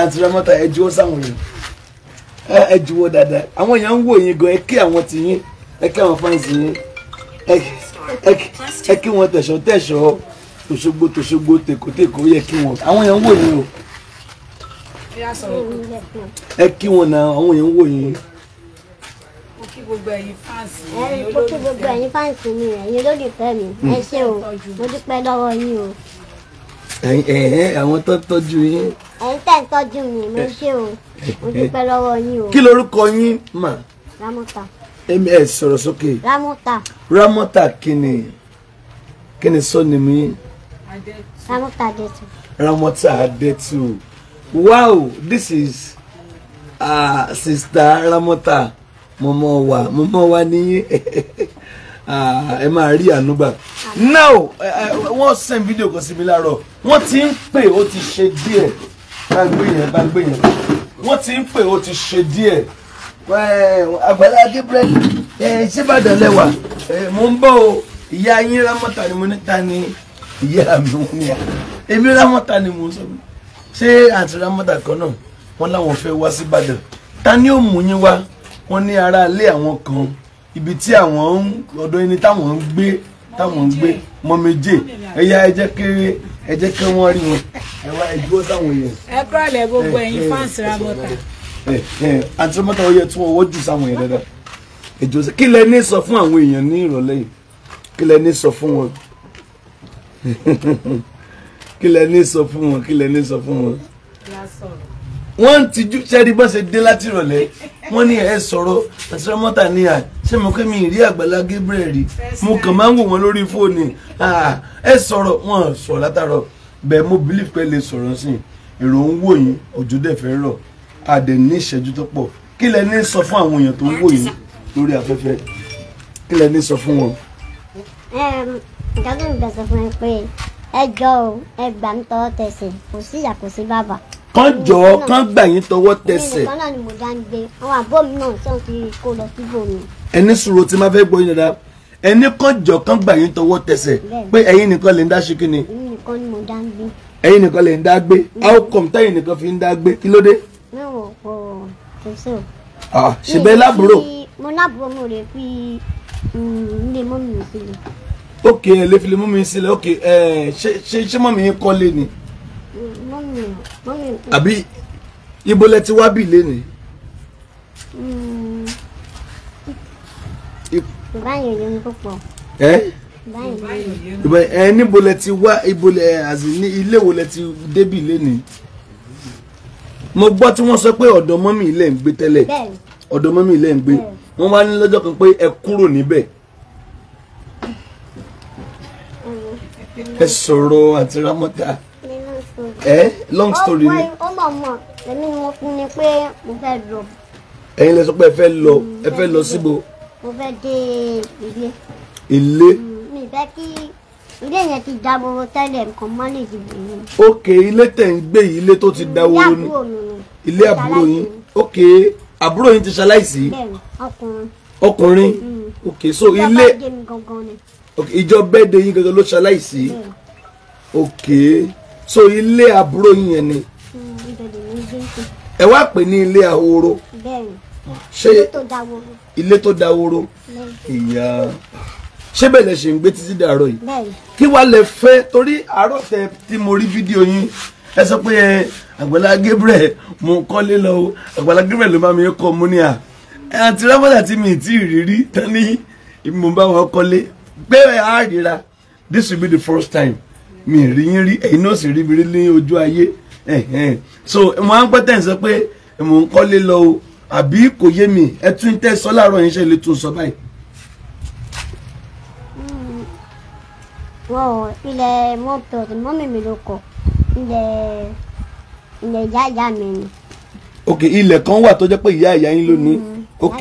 àti ramọta ẹ juwọ́ sáwọn èèyàn ẹ juwọ́ dáadáa àwọn èèyàn ń wò yín gan ẹ kí àwọn ti yín ẹ kí àwọn fáǹsì yín ẹ kí wọn tẹ̀sọ́ tẹ̀sọ́ tòṣogbo tòṣogbo tèkótèkó yẹ kí wọn àwọn èèyàn ń wò yín o ẹ kí wọn náà àwọn èèyàn ń wò yín kí gbogbo ẹ̀yin fáǹsì mi. mo kí gbogbo ẹ̀yin fáǹsì mi ẹ̀yin lólùfẹ́ mi ẹ ṣé o mo dúpẹ́ lọ́wọ́ yín o àwọn tó tọ́jú yín. ẹ̀yin tẹ́ ń tọ́jú mi mo ṣe o mo dúpẹ́ lọ́wọ́ yín o. kí lorúkọ yín mà. Ramota. èmi ẹ sọ̀rọ̀ sókè. Ramota. Ramota kìnì kìnì sọ́ni mi. Ramota Adetu. Ramota Adetu wow this is uh, sister Ramota mọ̀mọ́ wa mọ̀mọ́ wa nìyẹn. Ah, ẹ máa rí ànúgbà. now wọ́n send fídíò kan sí mi láàárọ̀ wọ́n ti ń pè ó ti ṣe díẹ̀ bá gbé yẹn bá gbé yẹn wọ́n ti ń pè ó ti ṣe díẹ̀. àgbàlá Gabriel ṣébàdàn lẹ́wà mo ń bọ̀ o ìyá yín rámọ́ta ni mo ní ta ni ìyá mi wọ́n ní èmi rámọ́ta ni mo sọ ṣé àti rámọ́ta kan náà wọ́n láwọn fẹ́ wá síbàdàn ta ni ó mú yín wá wọ́n ní ará àwọn kan ibi tí àwọn ń ọ̀dọ̀ ẹni táwọn ń gbé táwọn ń gbé mọ́mẹ́jẹ ẹ̀yà ẹ̀jẹ̀ kéré ẹ̀jẹ̀ kí wọ́n rí wọn ẹ̀wá ẹ̀dúró táwọn èèyàn. ẹ kúrọ̀lẹ̀ gbogbo ẹ̀yin fáǹsì Ramota. àti Ramota ó yẹ tí wọ́n wọ́jú sáwọn èèyàn dáadáa ẹ̀jọ̀ kí lẹ ní sọ fún àwọn èèyàn ní ìrọ̀lẹ́ yìí kí lẹ ní sọ fún wọn kí lẹ ní sọ fún wọn kí lẹ ní sọ fún wọn. wọ́n ti ju ṣẹ́ẹ́dí bá ṣe dé láti ìrọ̀lẹ́ wọ́n ní ẹ sọ̀rọ̀ àti ní àjẹ́ ṣé mo kẹ́ mi ìrí àgbàlá Gabriel rí mo kàn máa ń wò wọ́n lórí fóònù ah, ẹ sọ̀rọ̀ wọn sọ̀rọ̀ látàrọ̀ bẹ́ẹ̀ mo believe pé lè sọ̀rọ̀ sí i èrò ń wò yín òjò dẹ̀ fẹ́ rọ̀ àdẹ̀ ní ìṣẹ́jú tó pọ̀ kí lẹ ní sọ fún àwọn èèyàn tó ń wò yín lórí afẹ́fẹ́ kí lẹ ní sọ fún wọn. kán jọ kán gbà yín tọwọ́ tẹsẹ̀. mi nìkan náà ni mo dá ń gbé àwọn àbọ̀ mi náà tí wọ́n ti kó lọ síbò mi ẹni sùúrù tí máa fẹ́ gbọ́ yín dáadáa ẹni kànjọ kan gbà yín tọwọ́ tẹsẹ̀ pé ẹ̀yin nìkan lè ń dá ṣe kíni. ẹ̀yin nìkan lè ń dá gbé how come tẹ́yin nìkan fi ń dá gbé kí ló dé. mẹ́wọ̀n pọ̀ tẹ̀sán. ṣèbẹ́ lábúrò. mo lábúrò mo lè fi mm, ilé mọ́ mi sílẹ̀. ok ẹ lè fi ilé mọ́ mi sílẹ̀ ok ṣé ṣé mọ́ yín kọ́ lé ni. mọ́ mi àbí ibo lẹ ti wá bì lé ni. Mm, ẹ níbo lẹ ti wá ibo lẹ àti ní ilé wo lẹ ti débì lénìí mo gbọ́ tí wọ́n sọ pé ọ̀dọ̀ mọ́mì ilẹ̀ ń gbé tẹ́lẹ̀ ọ̀dọ̀ mọ́mì ilẹ̀ ń gbé wọ́n wá ní lọ́jọ́ kan pé ẹ kúrò níbẹ̀ ẹ sọ̀rọ̀ àti ramọ́ta ẹ long story ni. ó mọ̀ mọ̀ lẹ́mí wọn fún mi pé mo fẹ́ lọ. ẹ̀yin lẹ sọ pé ẹ fẹ́ lọ ẹ fẹ́ lọ síbo mo fẹ́ dé ilé. ilé. mi fẹ́ kí ilé yẹn ti da woro tẹ́lẹ̀ nǹkan mọ́nìjì nìyẹn. ok ilé tẹ̀ ń gbé yìí ilé tó ti da woro ni ilé àbúrò yín ok àbúrò yín ti ṣaláìsí. ọkùnrin. Mm. ok so ilé ìjọ bẹ́ẹ̀dẹ̀ yín gangan ló ṣaláìsí ok so ilé àbúrò yín yẹn ni mm, ẹ wá pè ní ilé ahoro ṣé ilé tó dahoro ìyá ṣé bẹ́ẹ̀ lẹ ṣe ń gbé títí dàárọ̀ yìí kí wàá lẹ fẹ́ torí àárọ̀ tẹ tí mo rí fídíò yín ẹ sọ pé Àgbàlá Gabriel mo kọ́lé lọ o Àgbàlá Gabriel ló máa mi kọ́ mo ní à àti rámọ́dà tí mi ti rí tán ní mo bá wọn kọ́lé pé a ríra this will be the first time mi rí yín rí ẹ̀yin náà sì rí mi rí ní ojú ayé so mo á ń pẹ́ tẹ̀ ń sọ pé mo ń kọ́lé lọ o àbí kò yé mi ẹ tún tẹ́ sọ láàárọ̀ yẹn ṣe lè tún sọ báyìí. Hmm, wọn ilẹ̀ mọ́tò mọ́mì mi ló kọ ilẹ̀ ilẹ̀ ìyá ìyá mi ni. ok ilẹ̀ kan wà tó jẹ́ pé ìyá ìyá yín ló hmm, ok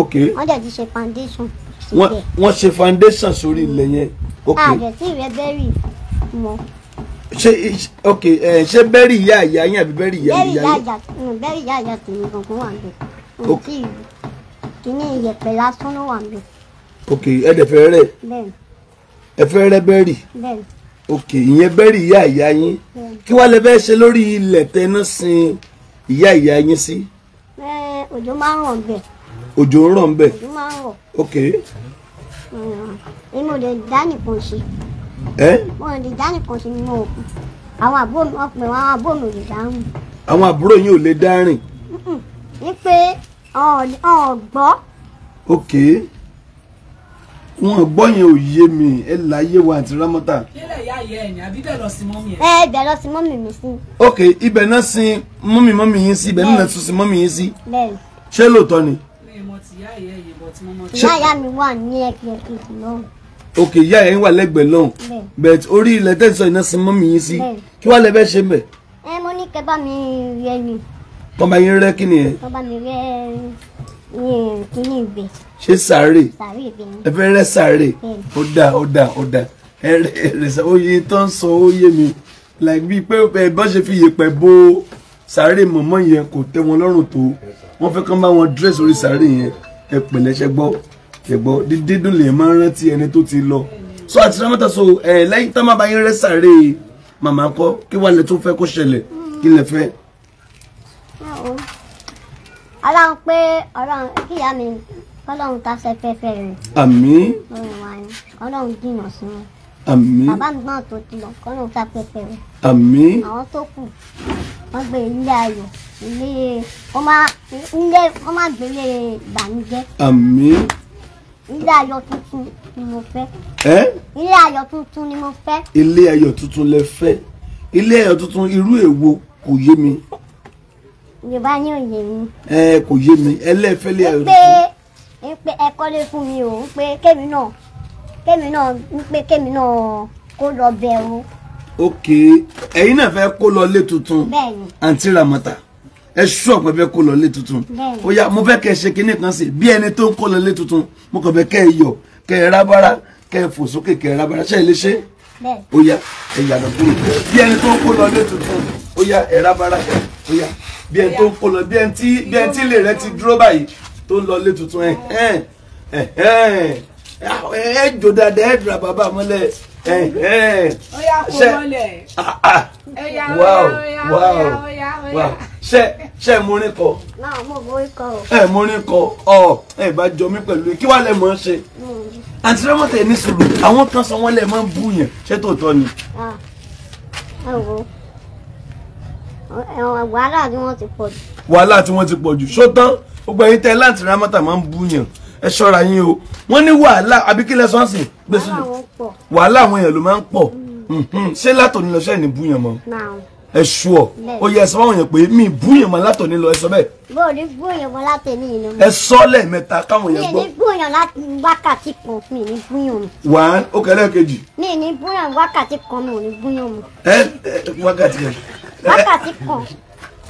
ok. wọ́n dẹ̀ ti ṣe foundation síbẹ̀. wọ́n ṣe foundation sórí ilẹ̀ yẹn. ok. àjẹsí ah, rẹ bẹ́rì mọ́ ṣe ok ṣe bẹ́rì ìyá ìyá yín àbí bẹ́rì ìyá ìyá yín. Mm, bẹ́rì ìyá ìyá tèmi gangan wà níbẹ̀ kò tí ì kíní ìyẹ̀pẹ̀ lásán ló wà níbẹ̀. ok ẹ dẹ̀ fẹ́ rẹ̀ ẹ fẹ́ bẹ́rì ok ìyẹn bẹ́rì ìyá ìyá yín kí wàá lè bẹ́ẹ̀ ṣe lórí ilẹ̀ tẹ́ná sin ìyá ìyá yín sí. òjò máa ń rọ̀ bẹ̀. òjò ń rọ̀ bẹ̀. òjò máa ń rọ̀. ok. inú rẹ̀ dá nìkan ṣe wọn ò lè dáhùn kò sí nínú òkú àwọn àbúrò mi ọpẹ wọn àwọn àbúrò mi ò lè dáhùn. àwọn àbúrò yín ò lè dárìn. ní pé ọ̀n gbọ́. ok wọn gbọ́ yẹn ò yé mi ẹ láyé wa àti rámọ́tà. kílẹ̀ ìyá ìyá ẹ̀yìn àbí bẹ́ẹ̀ lọ sí mọ́mì ẹ̀. ẹ bẹ́ẹ̀ lọ sí mọ́mì mi sí. ok ibẹ̀ náà sin mọ́mì mọ́mì yín sí ibẹ̀ náà tún sin mọ́mì yín sí. bẹ́ẹ̀ ṣé lóòótọ́ ni. mi ò mọ̀ tìyá ìyá ẹ̀yìn bọ̀ tí mo mọ̀. ìyá ìyá mi wà ní ẹ̀kẹ́ kejì náà ok ìyá yẹn wà lẹ́gbẹ̀ẹ́ lọ́hùn but orí ilẹ̀ tẹ̀sán iná sin mọ́mì yín sí kí wàá lẹ fẹ́ ṣe mẹ́. ẹ mo ní kẹ bá mi rẹ ni. kọ́ bá yín rẹ́ kí ni yẹn. kọ́ bá mi rẹ́ ní kíní ìgbé. ṣé sàárè ẹ fẹ́ rẹ́ sàárè ó dà ó dà ó dà ẹ rẹ sàárè oye tó ń sọ ó mi like bíi pé ẹ bá ṣe fi yèpẹ̀ bo sàárè mọ̀mọ́ yẹn kò tẹ́ wọn lọ́rùn tó wọ́n fẹ́ kán bá wọn dírẹ́sì orí sàárè yẹn ẹ pẹ̀lẹ́ṣẹ́ gbọ́ ṣùgbọ́n dídùn lè máa rántí ẹni tó ti lọ so àti sọmọta so ẹ lẹ́yìn tá máa bá yín rẹ́ sàárè màmá kọ́ kí wàá lẹ tó fẹ́ kó ṣẹlẹ̀ kí lẹ fẹ́. ọlọ́run pé ọlọ́run kí ìyá mi kọ́lọ́run tá ṣe fẹ́fẹ́ rẹ̀. àmín. ọlọ́run dìnà sí wọn. àmín. bàbá mi náà tó ti lọ kọ́lọ́run tá fẹ́fẹ́ rẹ̀. àmín. àwọn tó kù wọ́n gbé ilé ayọ̀ ilé wọ́n máa gbélé ìbànújẹ́. àmín ilé ayọ̀ tuntun ni mo fẹ́. ẹ. ilé ayọ̀ tuntun ni mo fẹ́. ilé ayọ̀ tuntun lẹ fẹ́ ilé ayọ̀ tuntun irú èwo kò yé mi. yorùbá ni ò yé mi. ẹ kò yé mi ẹlẹ́fẹ́ ilé ayọ̀ tuntun. ń pe ẹ kọ́lé fún mi o ń pe kémi náà kémi náà ń pe kémi náà kó lọ bẹ̀ o. ok ẹ̀yin náà fẹ́ kó lọ ilé tuntun. bẹ́ẹ̀ni. àǹtí Ramota ẹ ṣú ọ̀pẹ fẹ́ kó lọ lé tuntun ó yá mo fẹ́ kẹ́ ẹ ṣe kinní kan sí bí ẹni tó ń kó lọ lé tuntun mo kàn fẹ́ kẹ́ ẹ yọ kẹ́ ẹ rábára kẹ́ ẹ fò sókè kẹ́ ẹ rábára ṣe é lè ṣe ó yá ẹ yàtọ̀ kúrò bí ẹni tó ń kó lọ tuntun ó yá ẹ rábára ó yá bí ẹni tó ń kó lọ bí ẹni tí bí ẹni tí ilé rẹ ti dúró báyìí tó ń lọ lé tuntun ẹ ẹ ẹ ẹ jò dáadáa ẹ dùrà bàbá mọ́lẹ̀ ṣe ṣe múrin kọ. ẹ múrin kọ ọ ẹ bá jọ mí pẹ̀lú kí wàá lẹ mọ̀ ọ́ ṣe. àti rẹ́mọ̀tẹ̀ ní sùúrù àwọn kan sọ wọ́n lẹ̀ máa ń bú yẹn ṣé tòótọ́ ni. Ah, wàhálà tí wọ́n ti pọ̀ jù. wàhálà tí wọ́n ti pọ̀ jù ṣó tán gbogbo ẹ̀yin tẹ́ láti rẹ́mọ̀tà máa ń bú yẹn ẹ ṣọ́ra yín o wọ́n ní wàhálà abikilẹ̀ sọ́nsìn gbèsè wàhálà àwọn èèyàn ló máa ń pọ̀ mm. mm-hmm. ṣé látòní lọ ṣẹ́ni búyàn mọ́ ẹ ṣù ọ ó yẹ ẹsọ báwọn yẹn pé mi búyàn mọ́ látòní lọ ẹ sọ bẹ́ẹ̀. bó o ní búyàn mọ́ látòní yìí ló mọ. ẹ sọ lẹ́ẹ̀mẹ́ta káwọn yẹn gbọ́. mi ní búyàn láti wákàtí kan mi ní búyàn mi. wàá ó kẹlẹ́ kejì. mi ní búyàn wákàtí kan mi ò ní búyàn mi. ẹ wákàtí kan. wákàtí kan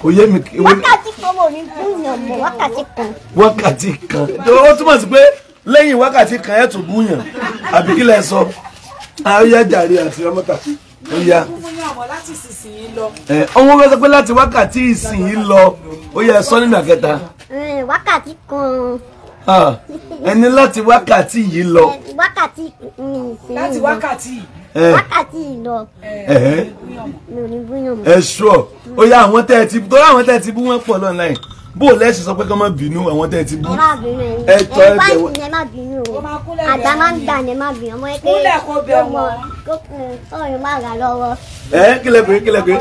òye mi. wákàtí kan mo ní búyàn mọ́ wákàtí kan. wákàtí kan ó túmọ̀ sí pé lẹ́yìn wákàtí kan ẹ̀ tún búyàn àbí kí lẹ sọ ayé jàre àti ọmọta ó yá. ọwọ́n kan sọ pé láti wákàtí ìsìn lọ ó yẹ sọ nínú àkẹta. wákàtí kan. ẹni láti wákàtí yìí lọ. wákàtí ìsìn. láti wákàtí wákàtí lọ. ẹ ṣọ ó yá àwọn tẹ́ ẹ ti bú àwọn tẹ́ ẹ ti bú wọn pọ̀ lọ́nà yìí bó o lẹ́sìn sọ pé kọ́ máa bínú àwọn tẹ́ ẹ ti bú. ẹ má bínú ẹ ní ẹ bá ìsìn ẹ má bínú o àgbà máa ń gbà ní ẹ má bínú ọmọ ẹgbẹ́ kúlẹ̀ kó bẹ ọmọ ọyàn má rà lọ́wọ́. ẹ kílẹ̀ pé kílẹ̀ pé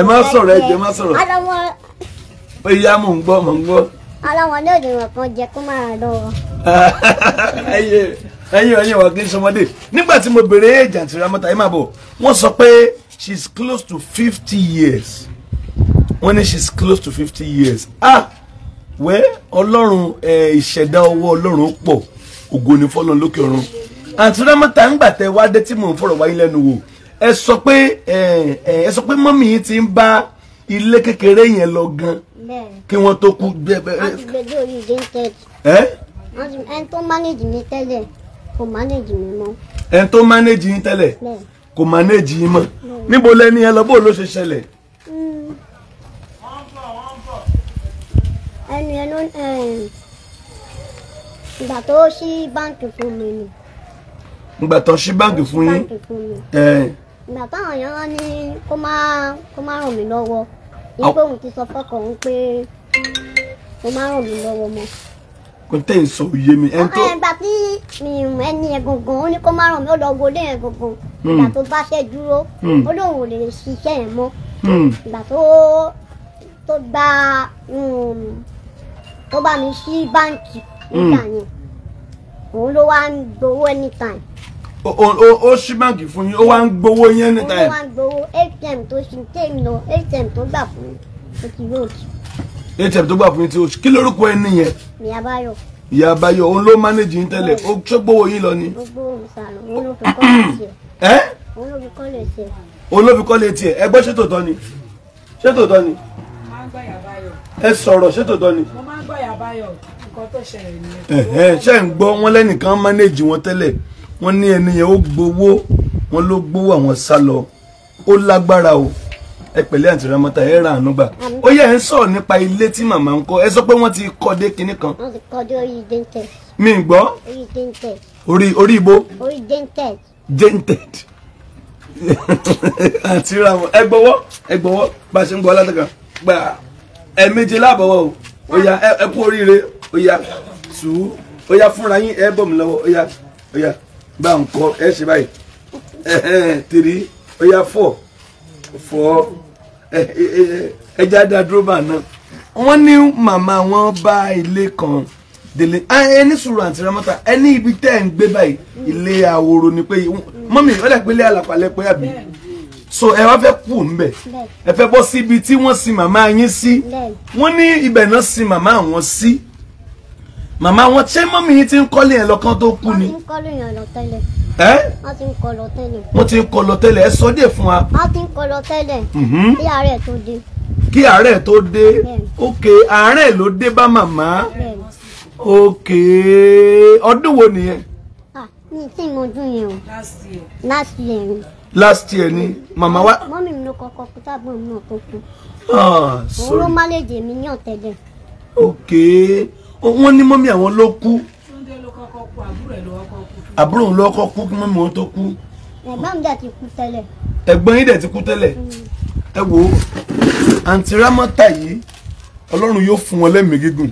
ẹ má sọ̀rọ̀ ẹ jẹ́ má sọ̀rọ̀ ó yá mò ń gbọ́ mò ń gbọ́. aláwọn náà lè wọ̀n kan jẹ kó máa lọ́wọ́. ẹyin ẹyin wà kí n sọmọdé nígbà tí mo bèrè èèjà tìramọ́ta yìí máa bọ̀ wọ́n sọ pé she is close to fifty years wọ́n ní she's close to fifty years ah wẹ́ ọlọ́run ìṣẹ̀dá ọwọ́ ọlọ́run pọ̀ ògo ni fọlọ́n lókè ọ̀run àti rámọ́tà ń gbàtẹ́ wá dé tí mò ń fọ̀rọ̀ wáyé lẹ́nu wò ẹ sọ pé ẹ sọ pé mọ́mì yìí ti ń bá ilé kékeré yẹn lọ gan kí wọ́n tó kú. láti gbẹdẹ orí ìdí ń tẹ ẹ. ẹni tó mánéjì mi tẹ́lẹ̀ kò mánéjì mi mọ́. ẹni tó mánéjì yín tẹ́lẹ̀ kò mánéjì yín mọ́ níbo lẹ́ni ẹ lọ bó ló ṣe ṣẹlẹ̀. ẹni ẹnu ìgbà tó ṣí báǹkì fún mi ni. ìgbà tó ṣí báǹkì fún yín. ìgbà táwọn èèyàn rán ní kó má kó má ràn mí lọ́wọ́ yìí pé òun ti sọ fọ́kọ̀ òun pé kó má ràn mí lọ́wọ́ mọ́ kò tẹ́ ń sọ òye mi. ọkọ ẹgbà tí mi ẹni ẹ̀gọ̀ngàn ó ní kó má ràn mí ó lọ wọlé ẹ̀gọ̀ngàn ìgbà tó bá ṣe dúró ó lóun ò lè ṣiṣẹ́ yẹn mọ́ ìgbà tó tó gba tó bá mi sí báǹkì nígbà hmm. yẹn òun ló wá ń gbowó anytime. o o o ṣí báǹkì fún yín ó wá ń gbowó yín anytime. ó wá ń gbowó atm tó ṣe tèmi lọ atm tó gbà fún mi ó ti ròdì. atm tó gbà fún mi ti ròdì kí lórúkọ ẹ nìyẹn. ìyá báyọ̀ ìyá àbáyọ òun ló mánéjì ń tẹ́lẹ̀ ó ṣógbówó yín lọ ni. òun ló fi kọ́lé tiẹ̀ ẹ gbọ́ ṣètò tán ni ṣètò tán ni ẹ sọ̀rọ̀ ṣé tòótọ́ ni. mo máa ń gbọ́ yàbáyọ̀ nǹkan tó ṣẹlẹ̀ nìyẹn. ṣé ń gbọ́ wọn lẹ́nìkan mánéèjì wọn tẹ́lẹ̀ wọ́n ní ẹni yẹn ó gbowó wọn ló gbowó àwọn sá lọ ó lágbára o ẹ pẹ̀lẹ́ àti ramọ́ta ẹ ra àánú gbà ó yẹ ẹ ń sọ̀rọ̀ nípa ilé tí màmá ń kọ́ ẹ sọ pé wọ́n ti kọ́ dé kinní kan. wọ́n ti kọ́ dé orí dented. mi gbọ́. orí dented. orí orí ibo. orí dented. dented. àti ramọ́ ẹ gbọ́wọ́ ẹ gbọ́wọ́ bá a ṣe ń gbọ́ alátẹ̀kàn gbà á ẹ̀ẹ̀méje lábọ̀wọ́ o oya yá ẹ kú oríire oya yá tù ú ó yá fúnra yín ẹ bọ̀ mí lọ́wọ́ ó yá ó yá bá ń kọ́ ẹ ṣe báyìí tìrí ó yá fọ̀ fọ̀ ẹja dá dúró bá náà wọ́n ní màmá wọn bá ilé kan délé ẹni sùúrù àti ramọ́ta ẹni ibi tẹ́ ẹ̀ ń gbé báyìí ilé àwòrò ni pé mọ́mí ìrọ́lẹ̀ pé ilé àlàpàlẹ̀ pé àbí so ẹ wá fẹ́ kú ńbẹ̀ ẹ fẹ́ bọ́ síbi tí wọ́n sin màmá yín sí wọ́n ní ibẹ̀ náà sin màmá wọn sí màmá wọn ṣé mọ́mí yín ti ń kọ́lé yẹn lọ́kàn tó kú ni. wọ́n ti ń kọ́lé yẹn lọ tẹ́lẹ̀. ẹ́ wọ́n ti ń kọ́ lọ tẹ́lẹ̀. wọ́n ti ń kọ́ lọ tẹ́lẹ̀ ẹ sọ dé fún wa. wọ́n ti ń kọ́ lọ tẹ́lẹ̀. Mhm. kí àárẹ̀ tó dé. kí àárẹ̀ tó dé ok àárẹ̀ ló dé bá màmá ok ọdún wo nìyẹn. ah mi ti mọ ọdún yẹn o last year. last year last year ni mama wa. mọ́mí mi ló kọ́kọ́ kú tábọn mi náà tó kú. Ah, òun ló má mi ni mí Okay. O ok wọ́n ní mọ́mí àwọn ló kú. túndé ló kọ́kọ́ kú àbúrò ẹ̀ ló kọ́kọ́ kú. àbúrò òun ló kọ́kọ́ kú kí mọ́mí mi dẹ̀ ti kú tẹ́lẹ̀. ẹ̀gbọ́n yín dẹ̀ ti kú tẹ́lẹ̀. Mm. ẹ wo àǹtí rámọ́tà yìí ọlọ́run yóò fún wọn lẹ́mìí gígùn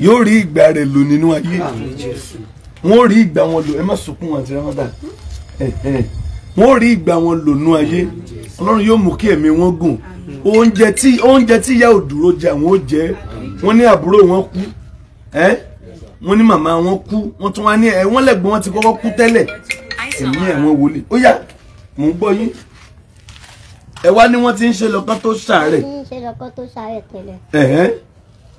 yóò rí ìgbà rẹ̀ lò nínú ayé wọn ò rí ìgbà wọn sukun ẹ má wọn ò rí ìgbà wọn lònú ayé ọlọ́run yóò mú kí ẹ̀mí wọn gùn oúnjẹ tí oúnjẹ tí ìyá òdúró jẹ àwọn ò jẹ wọn ní àbúrò wọn kú ẹ wọn ní màmá wọn kú wọn tún wá ní ẹ wọn lẹ́gbọ́n wọn ti kọ́kọ́ kú tẹ́lẹ̀ ẹ̀mí ẹ̀wọ̀n wọlé ó yá mò ń gbọ́ yín ẹ wá ní wọ́n ti ń ṣe lọ́kàn tó ṣàárẹ̀. wọ́n ti ń ṣe lọ́kàn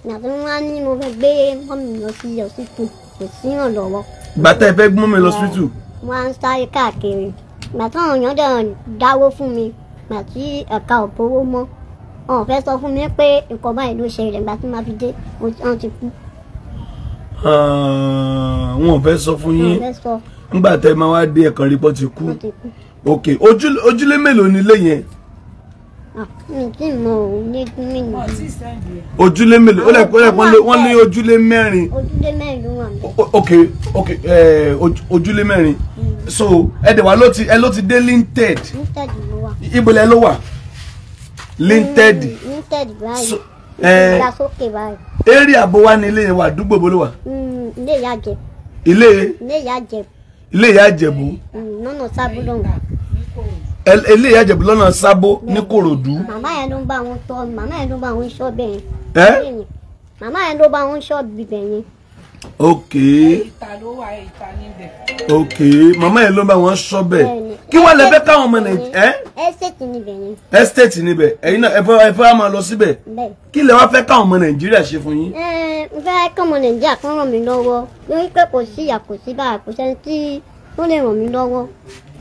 nàbí wọ́n á ní mo fẹ́ gbé mọ́mì lọ sí ọsítù kò sí ìrànlọ́wọ́. gbàtà ẹ fẹ́ gbé mọ́mì lọ sí ọsítù mo máa ń sáré káàkiri ìgbà táwọn èèyàn dẹ̀ dáwó fún mi ìgbà tí ẹ̀ka ò bówó mọ́ wọn ò fẹ́ sọ fún mi pé nǹkan báyìí ló ṣe rẹ̀ ìgbà tí màá fi dé wọn ti kú. wọn ò fẹ́ sọ fún yín nígbà tẹ́ máa wá dé ẹ̀kan rí ti kú ok ojúlé mélòó nílé yẹn ojúlé mélòó ó lẹ́kọ́ lẹ́kọ́ wọ́n lé ojúlé mẹ́rin ojúlé mẹ́rin wà. ok ok ojúlé mẹ́rin so ẹ dẹ̀ wá ló ti ẹ ló ti dé linted ibo lẹ ló wà linted mm, linted báyìí ìdàsókè báyìí. area bó wá ní ilé wa àdúgbò bó ló wà. Mm, ilé ìyá jẹ. ilé ilé ìyá jẹ. ilé ìyá jẹ̀bú. Mm, lọ́nà sábó lọ́nà. ilé ìyá jẹ̀bú lọ́nà sábó ní Kòròdú. màmá yẹn ló ń bá wọn tọ́ màmá yẹn ló ń bá wọn ṣọ́ bẹ́ẹ̀ yẹn. màmá yẹn ló bá wọn ṣọ́ bíbẹ̀ yẹn ok ok Mama, yẹn ló bá wọn sọ bẹ́ẹ̀ kí wọ́n lè fẹ́ káwọn ọmọ nàìjíríà. estate níbẹ̀ ni. estate níbẹ̀ ẹ̀yin náà ẹ̀fọ́ ẹ̀fọ́ á máa lọ síbẹ̀. bẹ́ẹ̀ kí lè wá fẹ́ káwọn ọmọ nàìjíríà ṣe fún yín. ẹ n fẹ́ káwọn ọmọ nàìjíríà kan ràn mí lọ́wọ́ lórí pé kò sí ìyà kò kò sẹ́ni tí ó lè ràn mí lọ́wọ́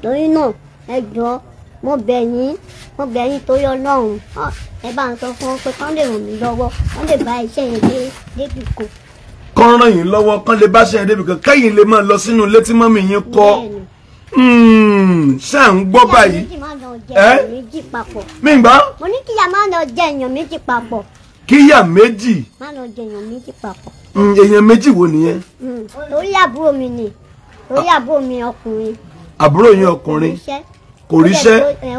lórí náà ẹ jọ̀ọ́ mo bẹ̀ yín mo bẹ̀ yín torí ọlọ́run ẹ bá ń sọ fún wọn pé kán lè ràn mí lọ́wọ́ kán lè bá iṣẹ́ yẹn dé débìkò kán ràn yín lọ́wọ́ kán lè bá ṣe débi kan kẹ́yìn lè máa lọ sínú ilé tí mọ́mì yín kọ́ hmm, ṣá ń gbọ́ báyìí. mi gbọ́. mo ní kíyà máa lọ jẹ èèyàn méjì papọ̀. kíyà méjì. máa lọ jẹ èèyàn méjì papọ̀. Hmm, èèyàn méjì wo nìyẹn. Hmm, torí àbúrò mi ni torí ah. àbúrò mi ọkùnrin. àbúrò yín ọkùnrin kò ríṣẹ́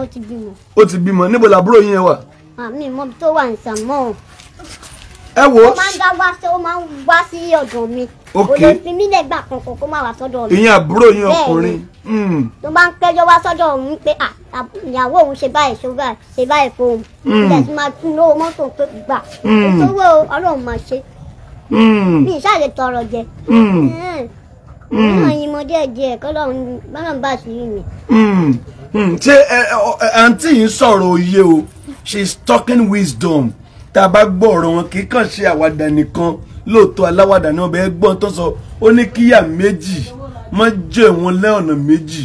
ó ti bímọ níbo làbúrò yín wà. àmì ah, mọ́bi tó wà ní sàmọ́ ẹ wo. ó máa ń dá wá sí ó máa ń wá sí ọ̀dọ̀ mi. ok òde fi mí lẹ́gbà kankan kó má wá sọ́dọ̀ mi. ìyẹn àbúrò yín ọkùnrin. tó hmm. máa ń pẹ́jọ́ wá sọ́dọ̀ òun pé ìyàwó òun ṣe báyìí ṣe báyìí ṣe báyìí fún òun. ilẹ̀ hmm. máa tún lówó mọ́tò pé gbà. ìṣòwò hmm. ọlọ́run máa ṣe. mi ì tọrọ jẹ. náà yin mo díẹ̀ díẹ̀ kọ́lọ́run bá bá sí mi. ṣé àǹtí yìí sọ̀rọ̀ òye o she's talking wisdom tá a bá gbọ́ ọ̀rọ̀ wọn kì í kàn ṣe àwàdà nìkan lóòótọ́ aláwàdà ni wọ́n bẹ́ẹ̀ gbọ́n tó sọ ó ní kíyà méjì mọ́ jẹ òun lẹ́ọ̀nà méjì